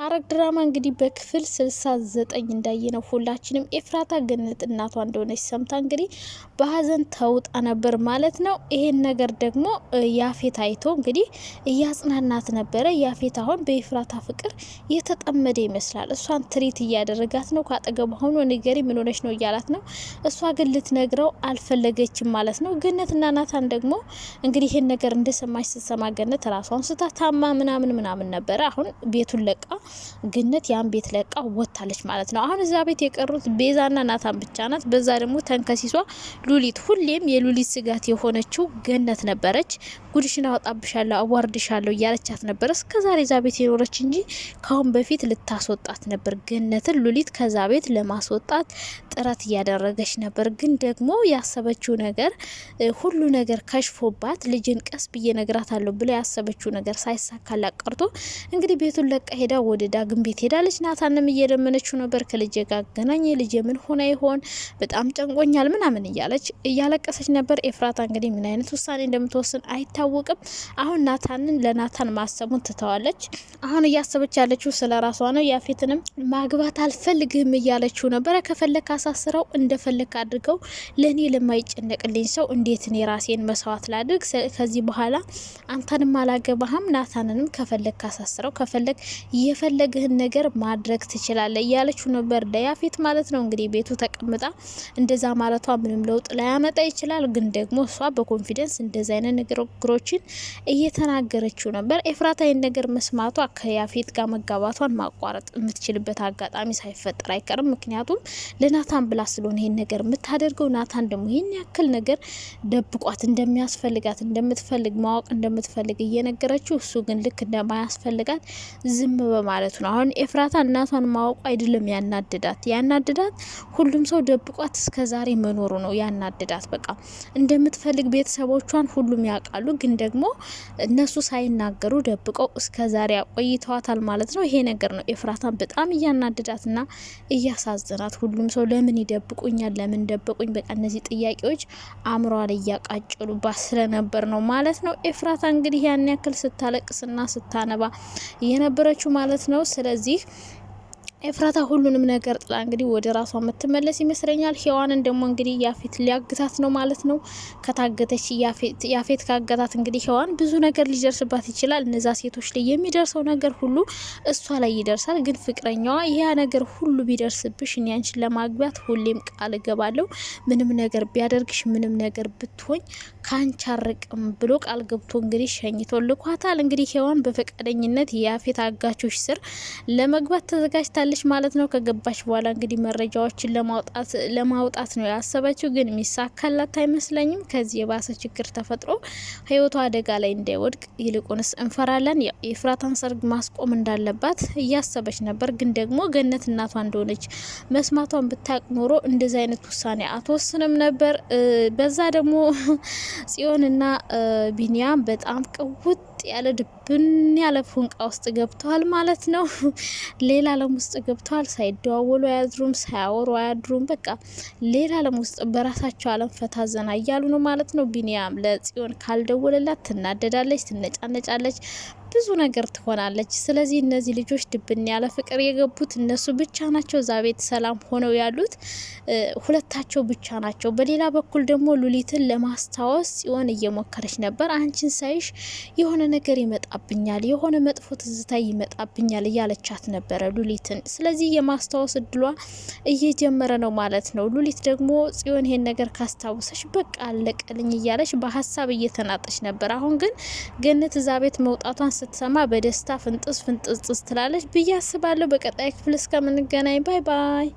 ሐረግ ድራማ እንግዲህ በክፍል ስልሳ ዘጠኝ እንዳየነው ሁላችንም ኤፍራታ ገነት እናቷ እንደሆነች ሰምታ እንግዲህ በሀዘን ተውጣ ነበር ማለት ነው። ይሄን ነገር ደግሞ ያፌት አይቶ እንግዲህ እያጽናናት ነበረ። ያፌት አሁን በኤፍራታ ፍቅር የተጠመደ ይመስላል። እሷን ትሪት እያደረጋት ነው። ከአጠገቧ ሆኖ ንገሪ፣ ምን ሆነች ነው እያላት ነው። እሷ ግን ልትነግረው አልፈለገችም ማለት ነው። ገነትና ናታን ደግሞ እንግዲህ ይሄን ነገር እንደሰማች ስትሰማ ገነት ራሷን ስታ ታማ ምናምን ምናምን ነበረ። አሁን ቤቱን ለቃ ግነት ያን ቤት ለቃ ወጥታለች ማለት ነው። አሁን እዛ ቤት የቀሩት ቤዛና ናታን ብቻ ናት። በዛ ደግሞ ተንከሲሷ ሉሊት፣ ሁሌም የሉሊት ስጋት የሆነችው ገነት ነበረች። ጉድሽን አወጣብሻለሁ፣ አዋርድሻለሁ እያለቻት ነበረ እስከዛሬ እዛ ቤት የኖረች እንጂ ካሁን በፊት ልታስወጣት ነበር ገነትን ሉሊት ከዛ ቤት ለማስወጣት ጥረት እያደረገች ነበር። ግን ደግሞ ያሰበችው ነገር ሁሉ ነገር ከሽፎባት ልጅን ቀስ ብዬ ነግራታለሁ ብላ ያሰበችው ነገር ሳይሳካላት ቀርቶ እንግዲህ ቤቱን ለቃ ሄዳ ወደ ዳግም ቤት ሄዳለች። ናታንም እየለመነችው ነበር ከልጄ ጋር አገናኝ፣ ልጄ ምን ሆነ ይሆን በጣም ጨንቆኛል ምናምን እያለች እያለቀሰች ነበር። ኤፍራታ እንግዲህ ምን አይነት ውሳኔ እንደምትወስን አይታወቅም። አሁን ናታንን ለናታን ማሰቡን ትተዋለች። አሁን እያሰበች ያለችው ስለ ራሷ ነው። ያፌትንም ማግባት አልፈልግህም እያለችው ነበረ። ከፈለክ አሳስረው እንደፈለክ አድርገው፣ ለእኔ ለማይጨነቅልኝ ሰው እንዴት እኔ ራሴን መስዋዕት ላድርግ? ከዚህ በኋላ አንተንም አላገባህም፣ ናታንንም ከፈለክ አሳስረው ከፈለክ የፈለግህን ነገር ማድረግ ትችላለህ እያለችው ነበር ለያፌት ማለት ነው። እንግዲህ ቤቱ ተቀምጣ እንደዛ ማለቷ ምንም ለውጥ ላያመጣ ይችላል፣ ግን ደግሞ እሷ በኮንፊደንስ እንደዚ አይነት ንግግሮችን እየተናገረችው ነበር። ኤፍራታይን ነገር መስማቷ ከያፌት ጋር መጋባቷን ማቋረጥ የምትችልበት አጋጣሚ ሳይፈጠር አይቀርም። ምክንያቱም ለናታን ብላ ስለሆነ ይሄን ነገር የምታደርገው ናታን ደግሞ ይህን ያክል ነገር ደብቋት እንደሚያስፈልጋት እንደምትፈልግ ማወቅ እንደምትፈልግ እየነገረችው እሱ ግን ልክ እንደማያስፈልጋት ዝም በማለት ማለት ነው። አሁን ኤፍራታ እናቷን ማወቁ አይደለም ያናድዳት ያናድዳት ሁሉም ሰው ደብቋት እስከ ዛሬ መኖሩ ነው ያናድዳት። በቃ እንደምትፈልግ ቤተሰቦቿን ሁሉም ያውቃሉ፣ ግን ደግሞ እነሱ ሳይናገሩ ደብቀው እስከ ዛሬ አቆይተዋታል ማለት ነው። ይሄ ነገር ነው ኤፍራታን በጣም ና እያሳዝናት ሁሉም ሰው ለምን ይደብቁኛል፣ ለምን ደብቁኝ፣ በቃ እነዚህ ጥያቄዎች አእምሯን እያቃጭሉባት ስለነበር ነው ማለት ነው። ኤፍራታ እንግዲህ ያን ያክል ስታለቅስና ስታነባ የነበረችው ማለት ማለት ነው። ስለዚህ ኤፍራታ ሁሉንም ነገር ጥላ እንግዲህ ወደ ራሷ የምትመለስ ይመስለኛል። ሔዋንን ደግሞ እንግዲህ ያፌት ሊያግታት ነው ማለት ነው። ከታገተች ያፌት ካገታት እንግዲህ ሔዋን ብዙ ነገር ሊደርስባት ይችላል። እነዛ ሴቶች ላይ የሚደርሰው ነገር ሁሉ እሷ ላይ ይደርሳል። ግን ፍቅረኛዋ ያ ነገር ሁሉ ቢደርስብሽ እኔ አንቺን ለማግባት ሁሌም ቃል እገባለሁ፣ ምንም ነገር ቢያደርግሽ፣ ምንም ነገር ብትሆኝ ከአንቺ አርቅም ብሎ ቃል ገብቶ እንግዲህ ሸኝቶ ልኳታል። እንግዲህ ሔዋን በፈቃደኝነት የያፌት አጋቾች ስር ለመግባት ተዘጋጅታለች። ትችላለች ማለት ነው። ከገባች በኋላ እንግዲህ መረጃዎችን ለማውጣት ለማውጣት ነው ያሰበችው፣ ግን የሚሳካላት አይመስለኝም። ከዚህ የባሰ ችግር ተፈጥሮ ህይወቷ አደጋ ላይ እንዳይወድቅ ይልቁንስ እንፈራለን። የፍራታን ሰርግ ማስቆም እንዳለባት እያሰበች ነበር፣ ግን ደግሞ ገነት እናቷ እንደሆነች መስማቷን ብታቅ ኖሮ እንደዚህ አይነት ውሳኔ አትወስንም ነበር። በዛ ደግሞ ጽዮንና ቢኒያም በጣም ቅውጥ ያለ ዱን ያለ ፉንቃ ውስጥ ገብተዋል ማለት ነው። ሌላ ዓለም ውስጥ ገብተዋል። ሳይደዋወሉ አያድሩም፣ ሳያወሩ አያድሩም። በቃ ሌላ ዓለም ውስጥ በራሳቸው ዓለም ፈታ ዘና እያሉ ነው ማለት ነው። ቢኒያም ለጽዮን ካልደወለላት ትናደዳለች፣ ትነጫነጫለች። ብዙ ነገር ትሆናለች። ስለዚህ እነዚህ ልጆች ድብን ያለ ፍቅር የገቡት እነሱ ብቻ ናቸው። እዛ ቤት ሰላም ሆነው ያሉት ሁለታቸው ብቻ ናቸው። በሌላ በኩል ደግሞ ሉሊትን ለማስታወስ ጽዮን እየሞከረች ነበር። አንቺን ሳይሽ የሆነ ነገር ይመጣብኛል፣ የሆነ መጥፎ ትዝታ ይመጣብኛል እያለቻት ነበረ ሉሊትን። ስለዚህ የማስታወስ እድሏ እየጀመረ ነው ማለት ነው። ሉሊት ደግሞ ጽዮን ይሄን ነገር ካስታወሰች በቃ አለቀልኝ እያለች በሀሳብ እየተናጠች ነበር። አሁን ግን ገነት እዛ ቤት መውጣቷን ስትሰማ በደስታ ፍንጥስ ፍንጥስ ትላለች ብዬ አስባለሁ። በቀጣይ ክፍል እስከምንገናኝ ባይ ባይ።